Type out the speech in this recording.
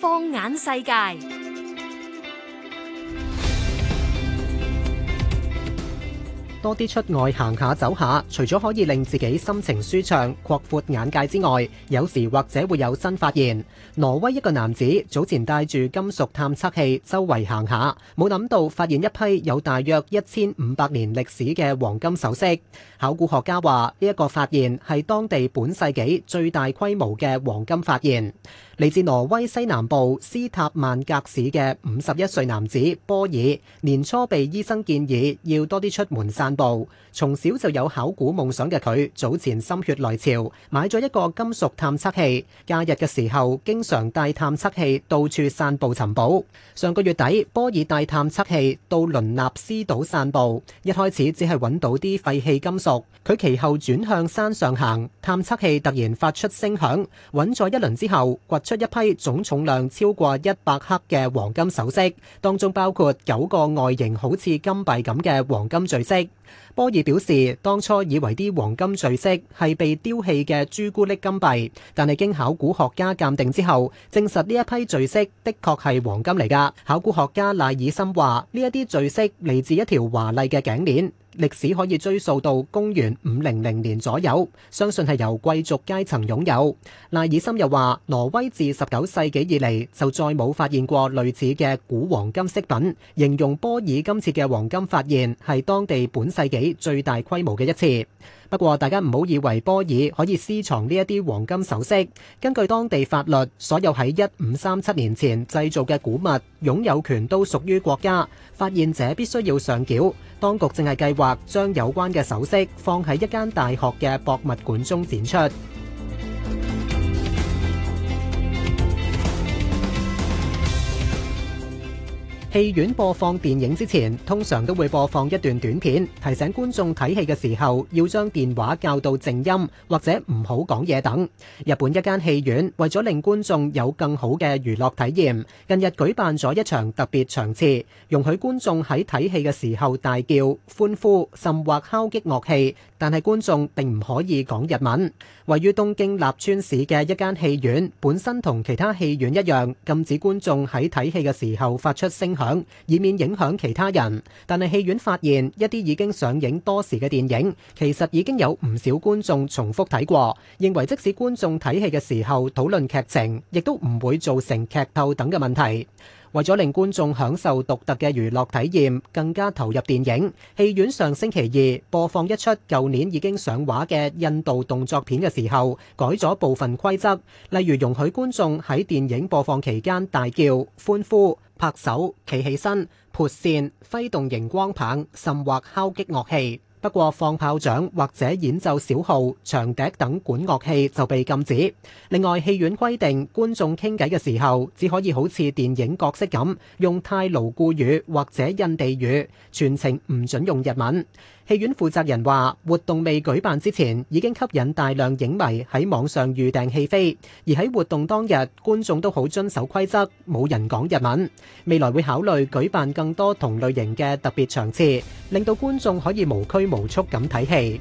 放眼世界。多啲出外行下走下，除咗可以令自己心情舒暢，擴闊眼界之外，有時或者會有新發現。挪威一個男子早前帶住金屬探測器周圍行下，冇諗到發現一批有大約一千五百年歷史嘅黃金首飾。考古學家話呢一個發現係當地本世紀最大規模嘅黃金發現。嚟自挪威西南部斯塔曼格市嘅五十一歲男子波爾，年初被醫生建議要多啲出門散。步，從小就有考古夢想嘅佢，早前心血來潮買咗一個金屬探測器，假日嘅時候經常帶探測器到處散步尋寶。上個月底，波爾帶探測器到倫納斯島散步，一開始只係揾到啲廢棄金屬，佢其後轉向山上行，探測器突然發出聲響，揾咗一輪之後，掘出一批總重量超過一百克嘅黃金首飾，當中包括九個外形好似金幣咁嘅黃金墜飾。波爾表示，當初以為啲黃金墜飾係被丟棄嘅朱古力金幣，但係經考古學家鑑定之後，證實呢一批墜飾的確係黃金嚟㗎。考古學家賴爾森話，呢一啲墜飾嚟自一條華麗嘅頸鏈。歷史可以追溯到公元五零零年左右，相信係由貴族階層擁有。賴爾森又話：挪威自十九世紀以嚟就再冇發現過類似嘅古黃金飾品，形容波爾今次嘅黃金發現係當地本世紀最大規模嘅一次。不過大家唔好以為波爾可以私藏呢一啲黃金首飾。根據當地法律，所有喺一五三七年前製造嘅古物擁有權都屬於國家，發現者必須要上繳。當局正係計劃將有關嘅首飾放喺一間大學嘅博物館中展出。戲院播放電影之前，通常都會播放一段短片，提醒觀眾睇戲嘅時候要將電話校到靜音或者唔好講嘢等。日本一間戲院為咗令觀眾有更好嘅娛樂體驗，近日舉辦咗一場特別場次，容許觀眾喺睇戲嘅時候大叫、歡呼，甚或敲擊樂器，但係觀眾並唔可以講日文。位於東京立川市嘅一間戲院，本身同其他戲院一樣，禁止觀眾喺睇戲嘅時候發出聲響。以免影響其他人，但係戲院發現一啲已經上映多時嘅電影，其實已經有唔少觀眾重複睇過，認為即使觀眾睇戲嘅時候討論劇情，亦都唔會造成劇透等嘅問題。為咗令觀眾享受獨特嘅娛樂體驗，更加投入電影，戲院上星期二播放一出舊年已經上畫嘅印度動作片嘅時候，改咗部分規則，例如容許觀眾喺電影播放期間大叫、歡呼、拍手、企起身、撥扇、揮動熒光棒，甚或敲擊樂器。不過，放炮仗或者演奏小號、長笛等管樂器就被禁止。另外，戲院規定觀眾傾偈嘅時候，只可以好似電影角色咁用泰盧固語或者印地語，全程唔準用日文。戲院負責人話：活動未舉辦之前，已經吸引大量影迷喺網上預訂戲飛；而喺活動當日，觀眾都好遵守規則，冇人講日文。未來會考慮舉辦更多同類型嘅特別場次，令到觀眾可以無拘無束咁睇戲。